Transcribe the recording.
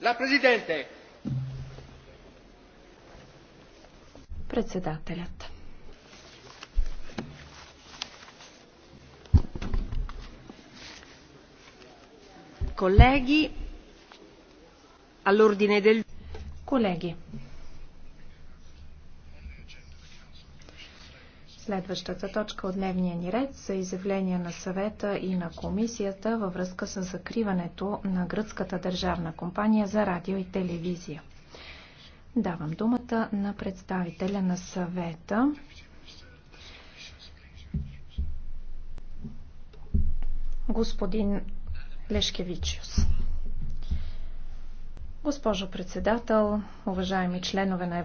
La Президенте! Председателят. Колеги, all'ordine del... Колеги, Следващата точка от дневния ни ред са изявления на съвета и на комисията във връзка с закриването на гръцката държавна компания за радио и телевизия. Давам думата на представителя на съвета. Господин Лешкевичиус. Госпожо председател, уважаеми членове на